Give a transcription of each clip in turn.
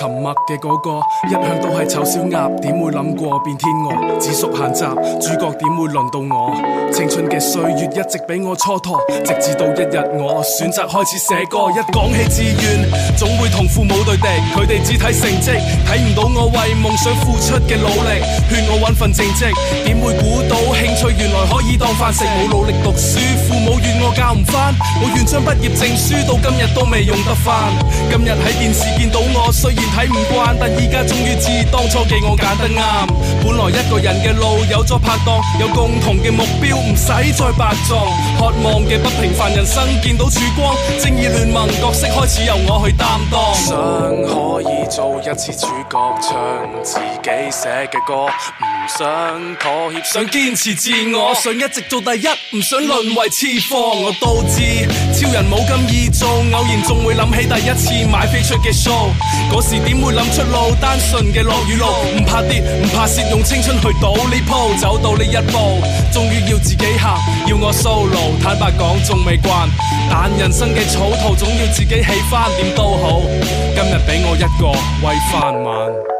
沉默嘅嗰個，一向都係醜小鴨，點會諗過變天鵝？只屬閒集主角，點會輪到我？青春嘅歲月一直俾我蹉跎，直至到一日我選擇開始寫歌。一講起志願，總會同父母對敵，佢哋只睇成績，睇唔到我為夢想付出嘅努力。勸我揾份正職，點會估到興趣原來可以當飯食？冇努力讀書，父母怨我教唔翻，我願將畢業證書到今日都未用得翻。今日喺電視見到我，雖然，睇唔慣，但依家終於知當初嘅我揀得啱。本來一個人嘅路有咗拍檔，有共同嘅目標，唔使再白撞。渴望嘅不平凡人生，見到曙光。正義聯盟角色開始由我去擔當，想可以做一次主角，唱自己寫嘅歌。想妥協，想堅持自我，oh. 想一直做第一，唔想淪為次貨。我都知超人冇咁易做，偶然仲會諗起第一次買飛出嘅 show，嗰時點會諗出路？單純嘅落雨路，唔怕跌，唔怕蝕，用青春去賭呢鋪，走到呢一步，終於要自己行。要我 solo，坦白講仲未慣，但人生嘅草圖總要自己起翻，點都好。今日俾我一個威翻晚。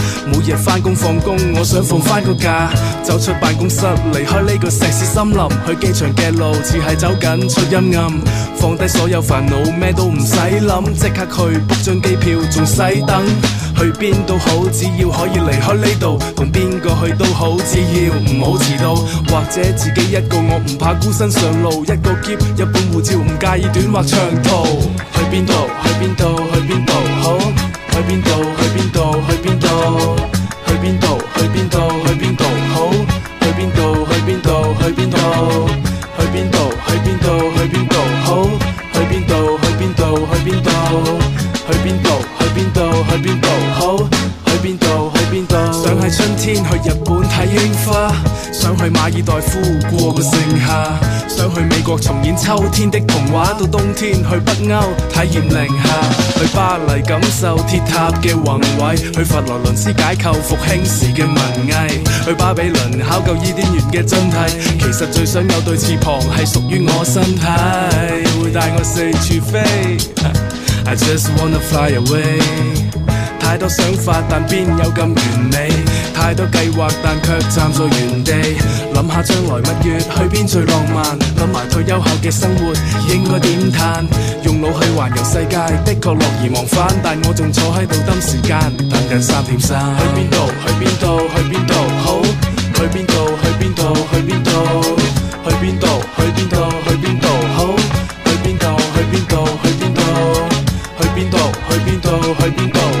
每日返工放工，我想放翻個假，走出辦公室，離開呢個石屎森林。去機場嘅路似係走緊出陰暗，放低所有煩惱，咩都唔使諗，即刻去 book 張機票，仲使等？去邊都好，只要可以離開呢度，同邊個去都好，只要唔好遲到。或者自己一個，我唔怕孤身上路，一個篋，一本護照，唔介意短或長途。去邊度？去邊度？去邊度？好。去邊度？去邊度？去邊度？去邊度？去邊度？去邊度？好。去邊度？去邊度？去邊度？去邊度？去邊度？去邊度？好。去邊度？去邊度？去邊度？去邊度？去邊度？去邊度？好。想喺春天去日本睇櫻花，想去馬爾代夫過個盛夏，想去美國重演秋天的童話，到冬天去北歐體驗零下，去巴黎感受鐵塔嘅宏偉，去佛羅倫斯解構復興時嘅文藝，去巴比倫考究伊甸園嘅真諦。其實最想有對翅膀，係屬於我身體， 會帶我四處飛。I just wanna fly away。太多想法，但邊有咁完美？太多計劃，但卻站在原地。諗下將來蜜月去邊最浪漫？諗埋退休後嘅生活應該點嘆？用腦去環遊世界，的確樂而忘返，但我仲坐喺度掟時間，等緊三點三。去邊度？去邊度？去邊度？好。去邊度？去邊度？去邊度？去邊度？去邊度？去邊度？去邊度？好。去邊度？去邊度？去邊度？去邊度？去邊度？去邊度？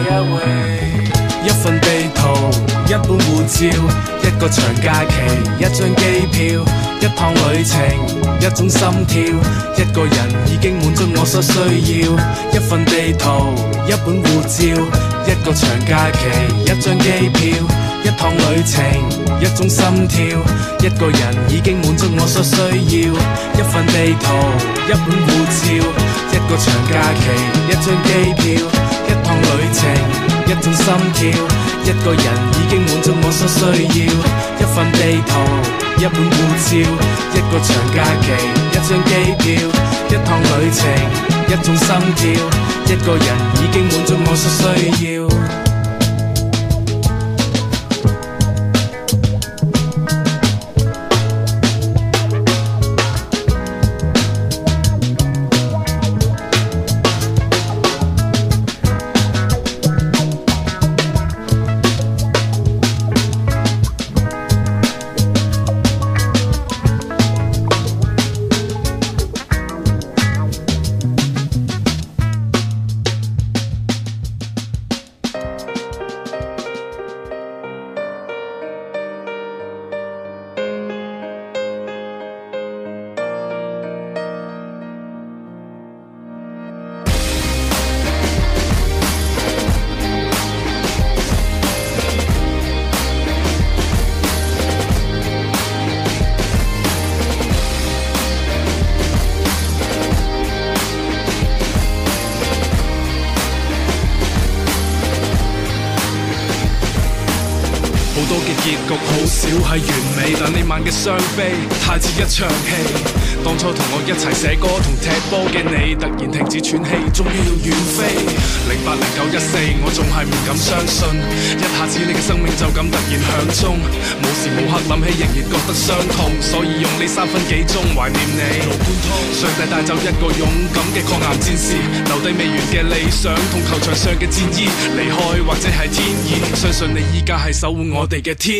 一回，一份地圖，一本護照，一個長假期，一張機票，一趟旅程，一種心跳，一個人已經滿足我所需要。一份地圖，一本護照，一個長假期，一張機票，一趟旅程，一種心跳，一個人已經滿足我所需要。一份地圖，一本護照，一個長假期，一張機票。旅程，一種心跳，一個人已經滿足我所需要。一份地圖，一本護照，一個長假期，一張機票，一趟旅程，一種心跳，一個人已經滿足我所需要。結局好少係完美，但呢晚嘅傷悲太似一場戲。當初同我一齊寫歌同踢波嘅你，突然停止喘氣，終於要遠飛。零八零九一四，我仲係唔敢相信，一下子你嘅生命就咁突然響鐘，無時無刻諗起，仍然覺得傷痛，所以用呢三分幾鐘懷念你。上帝帶走一個勇敢嘅抗癌戰士，留低未完嘅理想同球場上嘅戰衣。離開或者係天意，相信你依家係守護我哋嘅天。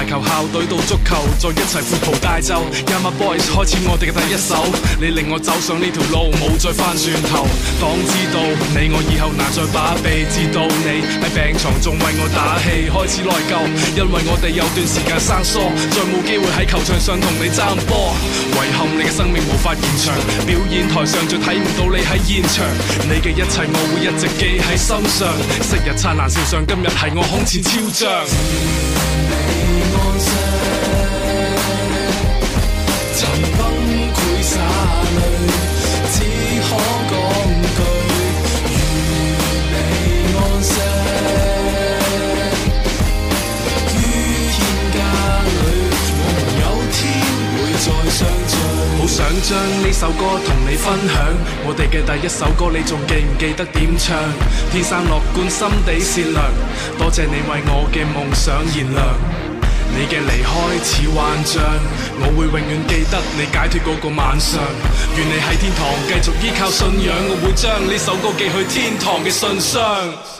排球校隊到足球，再一齊闊袍大奏。Yama Boys 開始我哋嘅第一首，你令我走上呢條路，冇再返轉頭。當知道你我以後難再把臂，知道你喺病床仲為我打氣，開始內疚，因為我哋有段時間生疏，再冇機會喺球場上同你爭波。遺憾你嘅生命無法延長，表演台上再睇唔到你喺現場，你嘅一切我會一直記喺心上。昔日燦爛笑相，今日係我空前超像。色曾崩潰灑淚，只可講句願你安息於天家裏我們有天，會再相聚。好想將呢首歌同你分享，我哋嘅第一首歌你仲記唔記得點唱？天生樂觀心底善良，多謝你為我嘅夢想燃亮。你嘅離開似幻象，我會永遠記得你解脱嗰個晚上。願你喺天堂繼續依靠信仰，我會將呢首歌寄去天堂嘅信箱。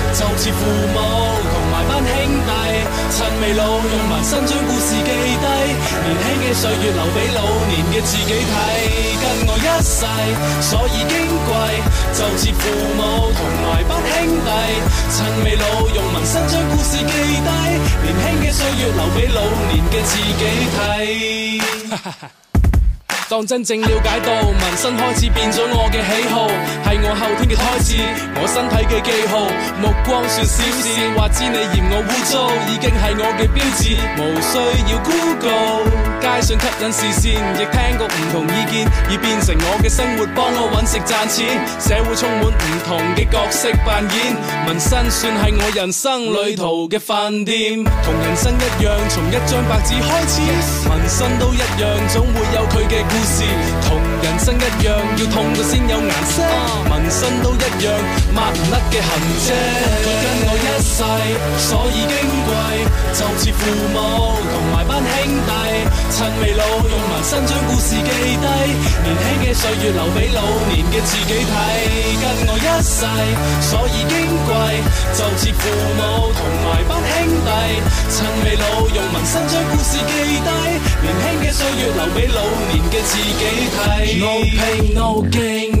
就似父母同埋班兄弟，趁未老用紋身將故事記低，年輕嘅歲月留俾老年嘅自己睇。跟我一世，所以矜貴，就似父母同埋班兄弟，趁未老用紋身將故事記低，年輕嘅歲月留俾老年嘅自己睇。 當真正了解到紋身開始變咗我嘅喜好，係我後天嘅開始，我身體嘅記號，目光算小事，話知你嫌我污糟，已經係我嘅標誌，無需要 Google。街上吸引視線，亦聽過唔同意見，已變成我嘅生活，幫我揾食賺錢。社會充滿唔同嘅角色扮演，紋身算係我人生旅途嘅飯店，同人生一樣，從一張白紙開始。紋身都一樣，總會有佢嘅。同人生一樣，要痛到先有顏色。紋身、啊、都一樣，抹唔甩嘅痕跡。跟我一世，所以矜貴，就似父母同埋班兄弟。趁未老，用紋身將故事記低，年輕嘅歲月留俾老年嘅自己睇。跟我一世，所以矜貴，就似父母同埋班。趁未老，用紋身將故事記低，年輕嘅歲月留俾老年嘅自己睇。No pain, no gain.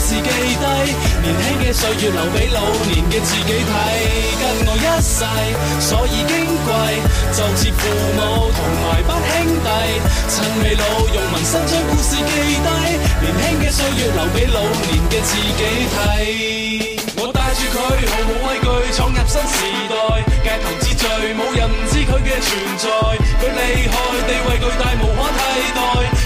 故事記低，年輕嘅歲月留俾老年嘅自己睇。跟我一世，所以矜貴，就似父母同埋班兄弟。趁未老，用紋身將故事記低，年輕嘅歲月留俾老年嘅自己睇。我帶住佢，毫無畏懼，闖入新時代。街頭之最，冇人唔知佢嘅存在。佢厲害，地位巨大，無可替代。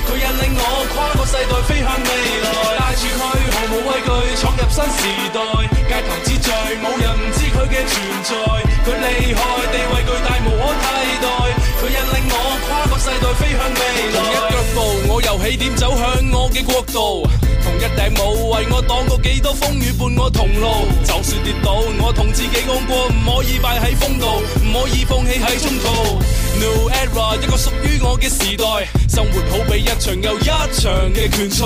佢引領我跨過世代，飛向未來。帶住佢。無畏懼闖入新時代，街頭之最，冇人唔知佢嘅存在。佢厲害，地位巨大，無可替代。佢引領我跨過世代，飛向未來。同一腳步，我由起點走向我嘅國度。一頂帽為我擋過幾多風雨，伴我同路。就算跌倒，我同自己講過唔可以敗喺風度，唔可以放棄喺中途。New era 一個屬於我嘅時代，生活好比一場又一場嘅拳賽，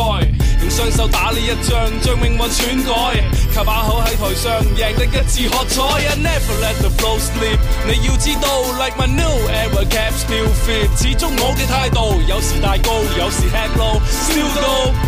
用雙手打你一仗，將命運轉改。靠把口喺台上，贏得一次，喝彩。I never let the flow slip，你要知道，Like my new era caps still fit。始終我嘅態度，有時大高，有時 head low，笑到。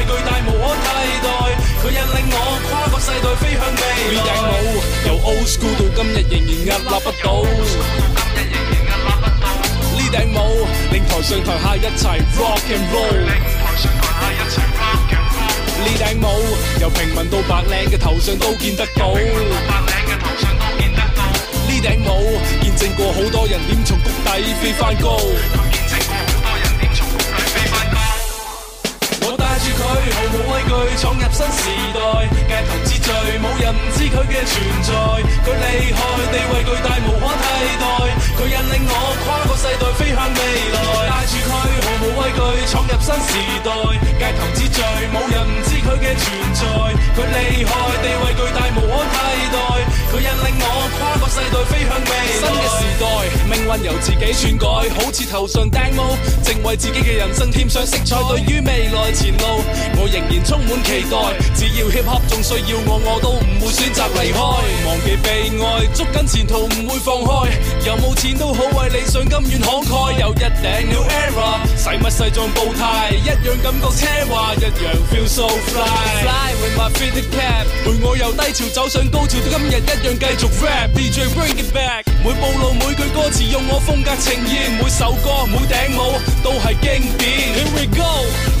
巨大無可替代，佢引領我跨過世代飛向未來。呢頂帽，由 old school 到今日仍然屹立不倒。呢頂帽，令台上台下一齊 rock and roll。呢頂帽，由平民到白領嘅頭上都見得到。呢頂帽，見證過好多人點從谷底飛翻高。佢毫無畏懼，闖入新時代。街頭之最，冇人唔知佢嘅存在。佢厲害，地位巨大，無可替代。佢引領我跨過世代，飛向未來。帶住佢，毫無畏懼，闖入新時代。街頭之最，冇人唔知佢嘅存在。佢厲害，地位巨大，無可替代。佢引領我跨過世代，飛向未來。新嘅時代，命運由自己篡改，好似頭上戴帽，正為自己嘅人生添上色彩。對於未來前路。我仍然充滿期待，只要 hip-hop，仲需要我，我都唔會選擇離開。忘記被愛，捉緊前途，唔會放開。有冇錢都好，為理想甘願慷慨。有一頂 New Era，使乜西裝步太，一樣感覺奢華，一樣 feel so fly。Fly with my fitted cap，陪我由低潮走上高潮，今日一樣繼續 rap。DJ bring it back，每步路每句歌詞用我風格呈現，每首歌每頂帽都係經典。Here we go。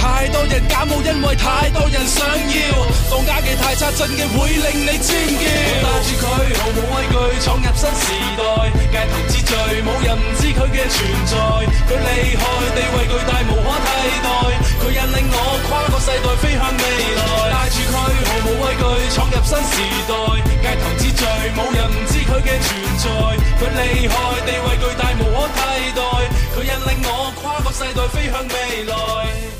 太多人假冒，因為太多人想要。當假嘅太差，真嘅會令你尖叫。我帶住佢，毫無畏懼，闖入新時代。街頭之最，冇人唔知佢嘅存在。佢厲害，地位巨大，無可替代。佢引領我跨過世代，飛向未來。帶住佢，毫無畏懼，闖入新時代。街頭之最，冇人唔知佢嘅存在。佢厲害，地位巨大，無可替代。佢引領我跨過世代，飛向未來。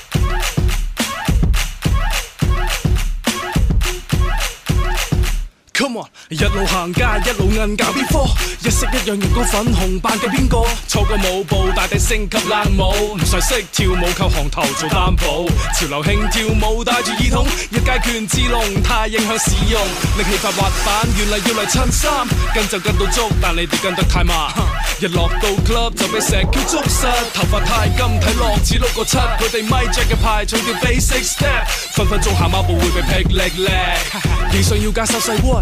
On, 一路行街一路硬，眼，邊科一式一樣用個粉紅扮嘅邊個？錯 過舞步，大地升級冷舞，唔使識跳舞靠行頭做擔保。潮流興跳舞，戴住耳筒，一街權志龍太影響市容。力氣發滑板，原來要嚟襯衫，跟就跟到足，但你哋跟得太慢。日 落到 club 就俾石叫捉實，實頭髮太金睇落似碌個七，佢哋咪着 c j a 嘅牌唱啲 basic step，分分鐘下馬步會被劈力叻。影相 要加瘦細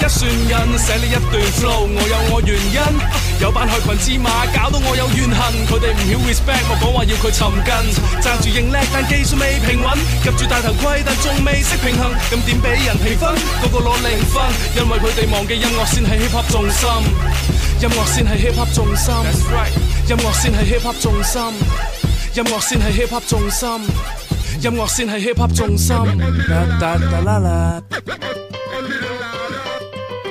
一串音寫你一段 flow，我有我原因。有班害群之馬搞到我有怨恨，佢哋唔曉 respect，我講話要佢尋根。攢住認叻，但技術未平穩；攢住戴頭盔，但仲未識平衡。咁點俾人氣氛？個個攞零分，因為佢哋忘記音樂先係 hiphop 重心。音樂先係 hiphop 重心。音樂先係 hiphop 重心。音樂先係 hiphop 重心。音樂先係 hiphop 重心。噠噠噠啦啦。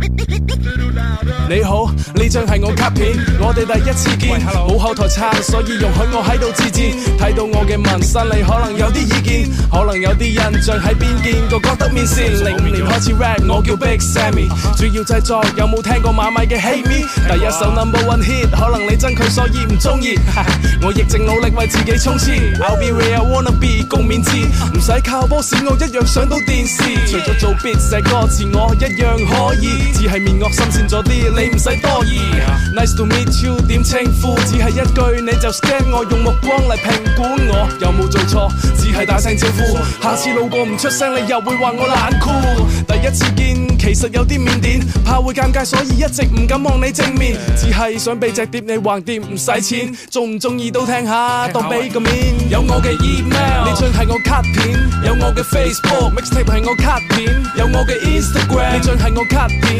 你好，呢張係我卡片，我哋第一次見，冇後台撐，所以容許我喺度自薦。睇到我嘅紋身，你可能有啲意見，可能有啲印象喺邊見過覺得面善？零五年開始 rap，我叫 Big Sammy，主要製作。有冇聽過馬米嘅 Hate Me？第一首 number one hit，可能你憎佢，所以唔中意。 我亦正努力為自己衝刺，I'll be real wanna be 共勉之。唔使靠波士，我一樣上到電視。除咗做 beat 寫歌詞，我一樣可以。只係面惡心善咗啲，你唔使多疑。Nice to meet you，點稱呼？只係一句你就 scan 我，用目光嚟評估我有冇做錯，只係大聲招呼。下次路過唔出聲，你又會話我冷酷。第一次見其實有啲面點，怕會尷尬，所以一直唔敢望你正面。只係想俾隻碟你橫掂，唔使錢，中唔中意都聽下，當俾個面。有我嘅 email，你張係我卡片。有我嘅 Facebook mixtape 係我卡片。有我嘅 Instagram，你張係我卡片。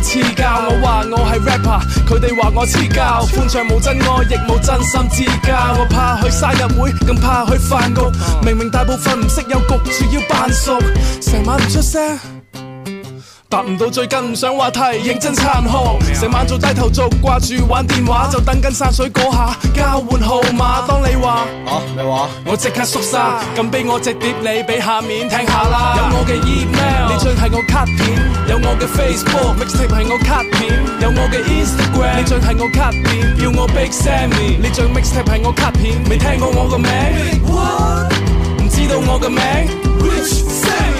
黐膠，教我話我係 rapper，佢哋話我黐膠。歡唱冇真愛，亦冇真心之交。我怕去生日會，更怕去飯局。明明大部分唔識有局，仲要扮熟，成晚唔出聲。答唔到最近唔想話題，認真參考。成晚做低頭族，掛住玩電話，就等緊山水嗰下交換號碼。當你、啊、話，啊咩話？我即刻縮沙，咁俾我隻碟你，俾下面聽下啦。有我嘅 email，你張係我卡片。有我嘅 Facebook，mixtape 係我卡片。有我嘅 Instagram，你張係我卡片。叫我 Big Sammy，你張 mixtape 係我卡片。未聽過我個名 One，唔 Big what? 知道我個名，Which Sammy？m m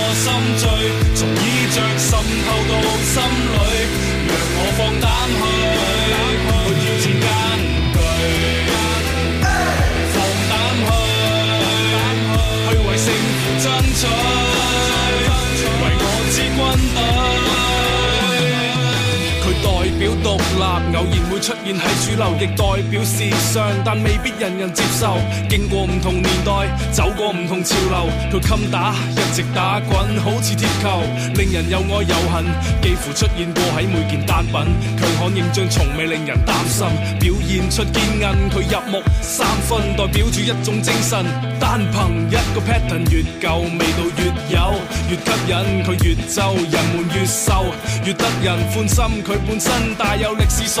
偶然會出現喺主流，亦代表時尚，但未必人人接受。經過唔同年代，走過唔同潮流，佢襟打，一直打滾，好似鐵球，令人又愛又恨。幾乎出現過喺每件單品，佢強悍形象從未令人擔心。表現出堅韌，佢入木三分，代表住一種精神。單憑一個 pattern，越舊味道越有，越吸引佢越皺，人們越瘦，越得人歡心。佢本身帶有歷史。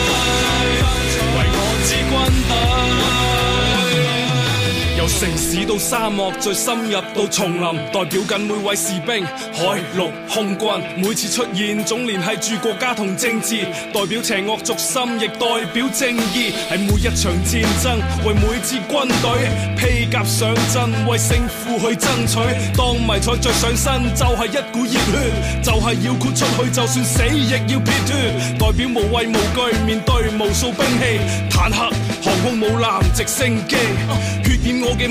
城市到沙漠，最深入到叢林，代表緊每位士兵、海陸空軍。每次出現總連係住國家同政治，代表邪惡軸心，亦代表正義。係每一場戰爭，為每支軍隊披甲上陣，為勝負去爭取。當迷彩着上身，就係一股熱血，就係要豁出去，就算死亦要撇脱。代表無畏無懼，面對無數兵器、坦克、航空母艦、直升機，血染我嘅。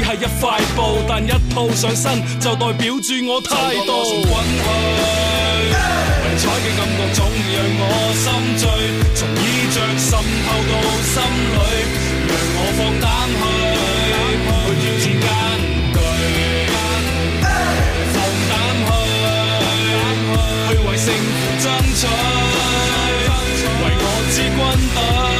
只係一塊布，但一鋪上身就代表住我態度。從滾去，迷彩嘅感覺總讓我心醉，從衣著滲透到心裏，讓我放膽去。突然之間唔懼，放膽去，去為勝負爭取，為我支軍隊。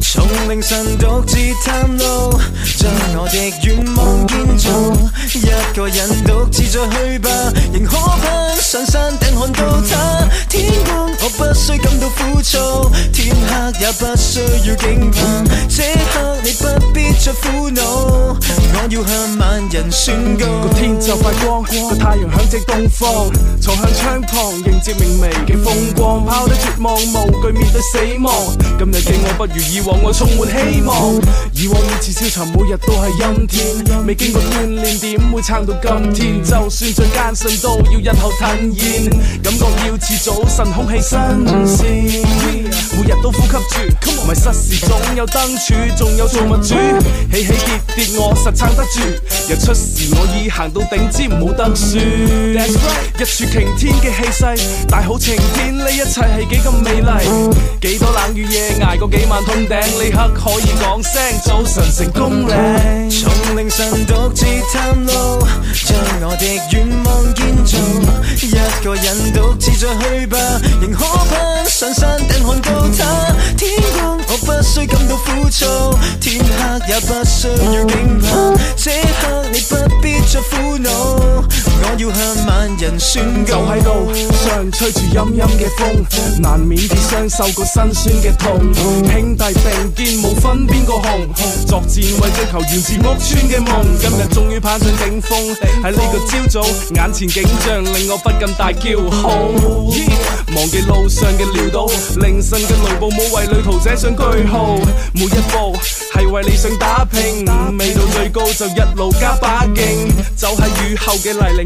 從凌晨獨自探路，將我的願望建造。一個人獨自再去吧，仍可攀上山頂看到它。天光我不需感到枯燥，天黑也不需要警報。這刻你不必再苦惱，我要向萬人宣告。個天就快光，個太陽響正東方。坐向窗旁迎接明媚嘅風光，拋低絕望，無懼面對死亡。今日嘅我。如以往我充滿希望，以往每次消沉，每日都係陰天。未經過鍛煉，點會撐到今天？就算最艱辛，都要日後吞煙。感覺要似早晨空氣新鮮。每日都呼吸住，唔係失事總有燈柱，仲有造物主，起起跌跌我實撐得住。日出時我已行到頂尖，冇得輸。That's right. 日處擎天嘅氣勢，大好晴天呢一切係幾咁美麗，幾多冷雨夜捱過幾晚通頂，呢刻可以講聲早晨成功禮。從凌晨獨自探路，將我的願望建造，一個人獨自再去吧，仍可攀上山頂看高。他天光，我不需感到枯燥；天黑也不需要驚訝。這刻你不必再苦惱。我要向萬人宣告，就喺路上吹住陰陰嘅風，難免跌傷受過辛酸嘅痛。兄弟並肩，無分邊個紅，作戰為追求源自屋村嘅夢。今日終於攀上頂峰，喺呢個朝早，眼前景象令我不禁大叫好。忘記路上嘅潦倒，凌晨嘅雷暴冇為旅途寫上句號。每一步係為理想打拼，未到最高就一路加把勁，走喺雨後嘅泥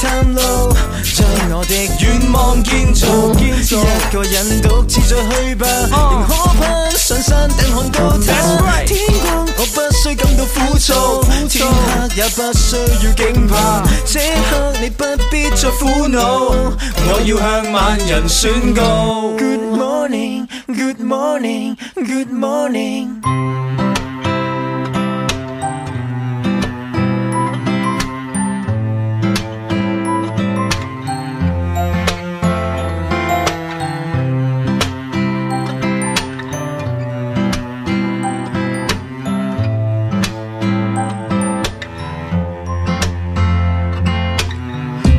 探路，將我的願望建造，建造。一個人獨自再去吧，仍可攀上山頂看到天光。我不需感到苦楚，此刻也不需要驚怕。這刻你不必再苦惱，我要向萬人宣告。Good morning, Good morning, Good morning.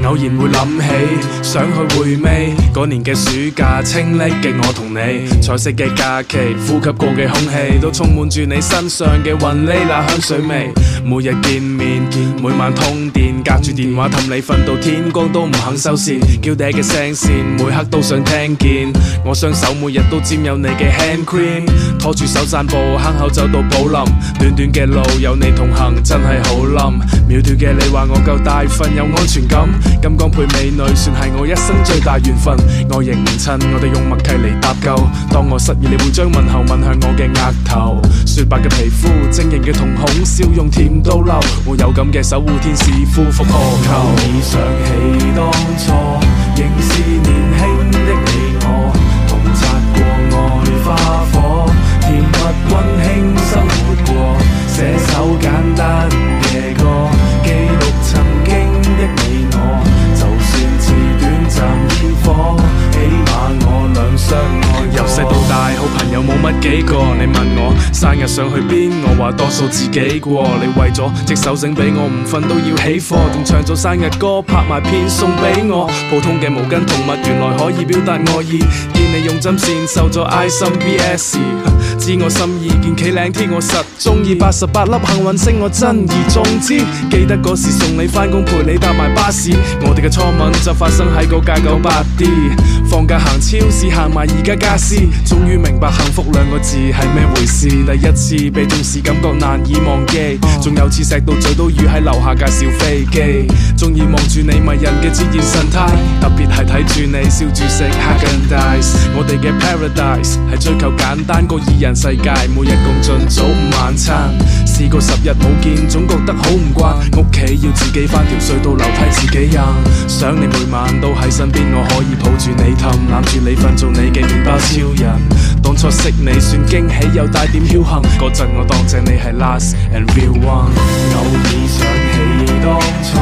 偶然會諗起。想去回味嗰年嘅暑假，清瀝嘅我同你彩色嘅假期，呼吸過嘅空氣都充滿住你身上嘅雲呢拿香水味。每日見面，每晚通電，隔住電話氹你瞓到天光都唔肯收線，嬌嗲嘅聲線每刻都想聽見。我雙手每日都沾有你嘅 hand cream，拖住手散步，坑口走到寶林，短短嘅路有你同行真係好冧。苗條嘅你話我夠大份有安全感，金剛配美女算係我。我一生最大緣分，我認唔襯，我哋用默契嚟搭救。當我失意，你會將吻痕吻向我嘅額頭。雪白嘅皮膚，晶瑩嘅瞳孔，笑容甜到流。我有咁嘅守護天使，夫復何求？想起當初，仍是年輕的你我，同擦過愛花火，甜蜜溫馨生活過，寫首簡單到大，好朋友冇乜幾個。你問我生日想去邊？我話多數自己過。你為咗隻手繩俾我，唔瞓都要起貨，仲唱咗生日歌，拍埋片送俾我。普通嘅毛巾同襪，原來可以表達愛意，見你用針線繡咗 I 心 B S 知我心意。見企領 T 我實中意，八十八粒幸運星我珍而重之。記得嗰時送你返工，陪你搭埋巴士，我哋嘅初吻就發生喺嗰架九八 D。放假行超市，行埋宜家家私。終於明白幸福兩個字係咩回事，第一次被縱事感覺難以忘記，仲、oh. 有次錫到嘴都淤，喺樓下介紹飛機，中意望住你迷人嘅自然神態，特別係睇住你笑住食。我哋嘅 paradise 係追求簡單個二人世界，每日共進早午晚餐。試過十日冇見，總覺得好唔慣，屋企要自己翻條隧道，樓梯自己行，想你每晚都喺身邊，我可以抱住你氹，攬住你瞓做你嘅麵包超。當初識你算驚喜，又帶點僥倖。嗰陣我當正你係 last and real one。偶爾想起當初，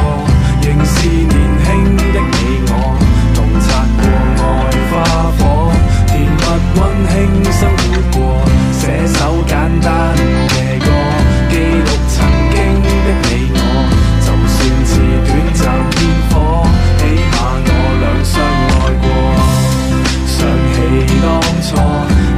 仍是年輕的你我，同擦過愛花火，甜蜜溫馨生活。寫首簡單。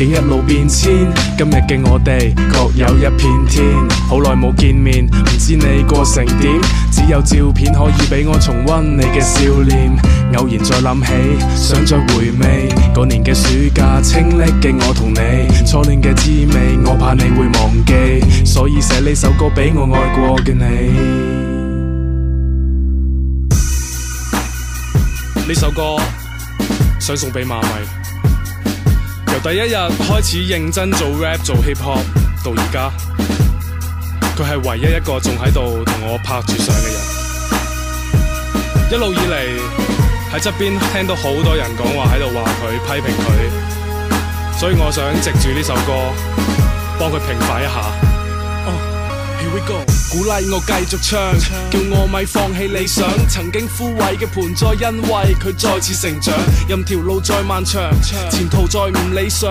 竟一路變遷，今日嘅我哋確有一片天。好耐冇見面，唔知你過成點，只有照片可以俾我重溫你嘅笑臉。偶然再諗起，想再回味嗰年嘅暑假清的，青澀嘅我同你初戀嘅滋味，我怕你會忘記，所以寫呢首歌俾我愛過嘅你。呢首歌想送俾馬迷。.第一日開始認真做 rap、做 hip hop，到而家，佢係唯一一個仲喺度同我拍住相嘅人。一路以嚟，喺側邊聽到好多人講話，喺度話佢、批評佢，所以我想藉住呢首歌，幫佢平反一下。Go, 鼓勵我繼續唱，叫我咪放棄理想。曾經枯萎嘅盆栽，因為佢再次成長。任條路再漫長，前途再唔理想，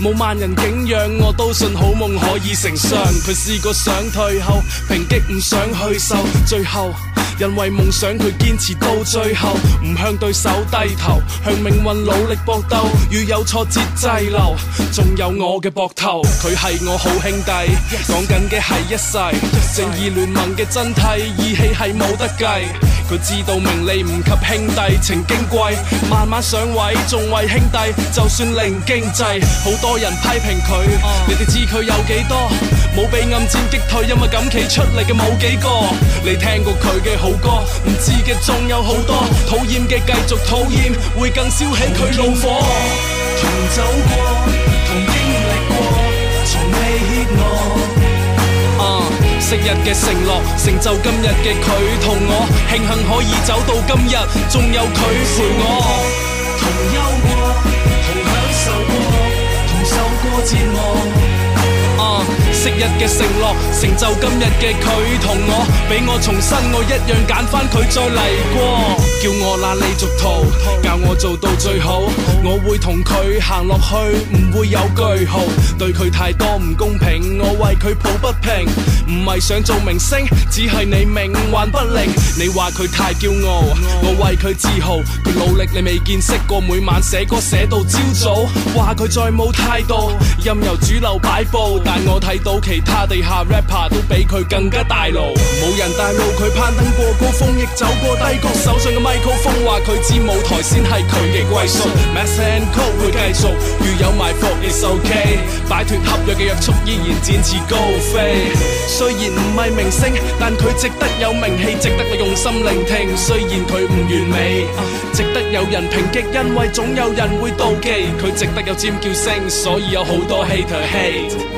冇萬人景仰，我都信好夢可以成雙。佢試過想退後，平擊唔想去受，最後。因為夢想佢堅持到最後，唔向對手低頭，向命運努力搏鬥。如有挫折滯留，仲有我嘅膊頭，佢係我好兄弟。講緊嘅係一世，正義聯盟嘅真諦，義氣係冇得計。佢知道名利唔及兄弟情矜貴，慢慢上位仲為兄弟，就算零經濟，好多人批評佢，uh. 你哋知佢有幾多，冇被暗箭擊退，因為咁企出嚟嘅冇幾個。你聽過佢嘅好歌，唔知嘅仲有好多，討厭嘅繼續討厭，會更燒起佢怒火同。同走過，同經歷過，從未怯懦。昔日嘅承諾，成就今日嘅佢同我，慶幸可以走到今日，仲有佢陪我，同憂過，同享受過，同受過折磨。啊，昔日嘅承諾，成就今日嘅佢同我，俾我重新，我一樣揀翻佢再嚟過。叫我啦，你俗套，教我做到最好。我會同佢行落去，唔會有句號。對佢太多唔公平，我為佢抱不平。唔係想做明星，只係你命運不靈。你話佢太驕傲，我為佢自豪。佢努力你未見識過，每晚寫歌寫到朝早，早。話佢再冇態度，任由主流擺布。但我睇到其他地下 rapper 都比佢更加大路。冇人帶路，佢攀登過，過高峰，亦走過低谷，手上威高峯，話佢知舞台先係佢嘅歸宿，Masta & Co 會繼續，如有埋伏 is okay，擺脱合約嘅約束依然展翅高飛。雖然唔係明星，但佢值得有名氣，值得我用心聆聽。雖然佢唔完美，值得有人抨擊，因為總有人會妒忌。佢值得有尖叫聲，所以有好多 hater hate。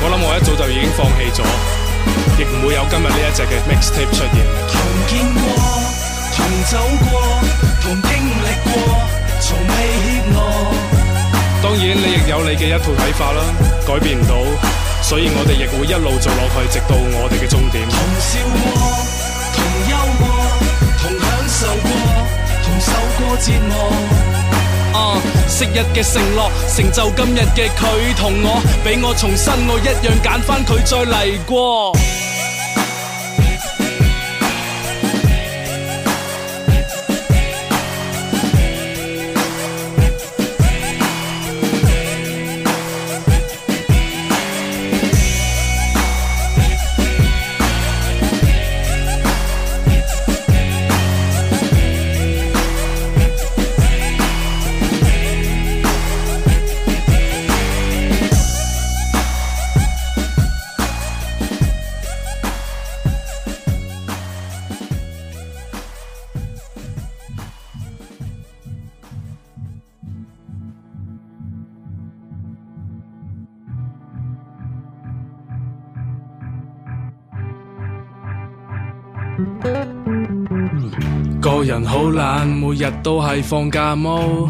我諗我一早就已經放棄咗，亦唔會有今日呢一隻嘅 mixtape 出現。同見過，同走過，同經歷過，從未怯懦。當然你亦有你嘅一套睇法啦，改變唔到，所以我哋亦會一路做落去，直到我哋嘅終點。同笑過，同憂過，同享受過，同受過折磨。昔日嘅承諾，成就今日嘅佢同我，俾我重新，我一樣揀翻佢再嚟過。好懶，每日都係放假 m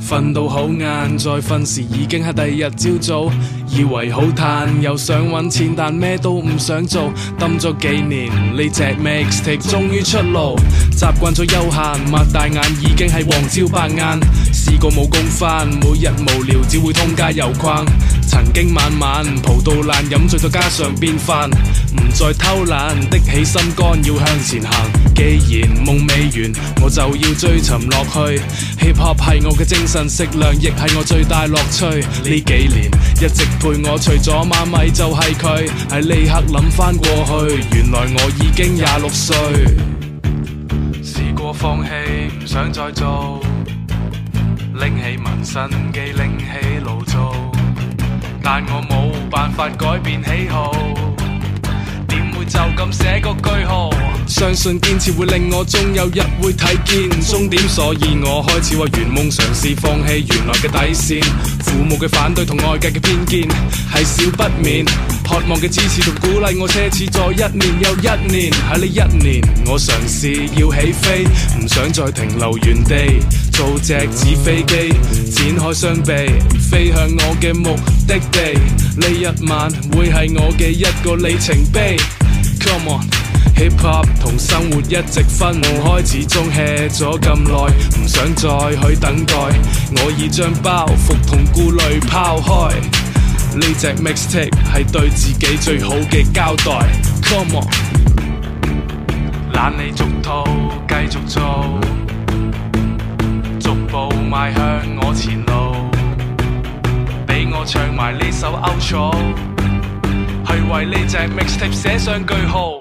瞓到好晏，再瞓時已經係第二日朝早。以為好攤，又想揾錢，但咩都唔想做，蹲咗幾年呢隻 mixtape 終於出爐。習慣咗休閒，擘大眼已經係黃朝白晏，試過冇工翻，每日無聊只會通街遊逛。曾經晚晚蒲到爛，飲醉到家常便飯，唔再偷懶，的起心肝要向前行。既然夢未完，我就要追尋落去。Hip Hop 係我嘅精神食糧，亦係我最大樂趣。呢幾年一直陪我除咗媽咪就係佢。喺呢刻諗翻過去，原來我已經廿六歲。試過放棄，唔想再做，拎起紋身機，拎起爐灶。但我冇辦法改變喜好，點會就咁寫個句號？相信堅持會令我終有一日會睇見終點，所以我開始為圓夢嘗試放棄原來嘅底線，父母嘅反對同外界嘅偏見係少不免。渴望嘅支持同鼓勵，我奢侈咗一年又一年，喺呢一年，我嘗試要起飛，唔想再停留原地，做隻紙飛機，展開雙臂，飛向我嘅目的地。呢一晚會係我嘅一個里程碑 Come on, Hip。Come on，Hip Hop 同生活一直分不開，始終吃咗咁耐，唔想再去等待，我已將包袱同顧慮拋開。呢隻 mixtape 係對自己最好嘅交代。Come on，懶理俗套，繼續,續做，逐步邁向我前路，畀我唱埋呢首 outro，去為呢隻 mixtape 寫上句號。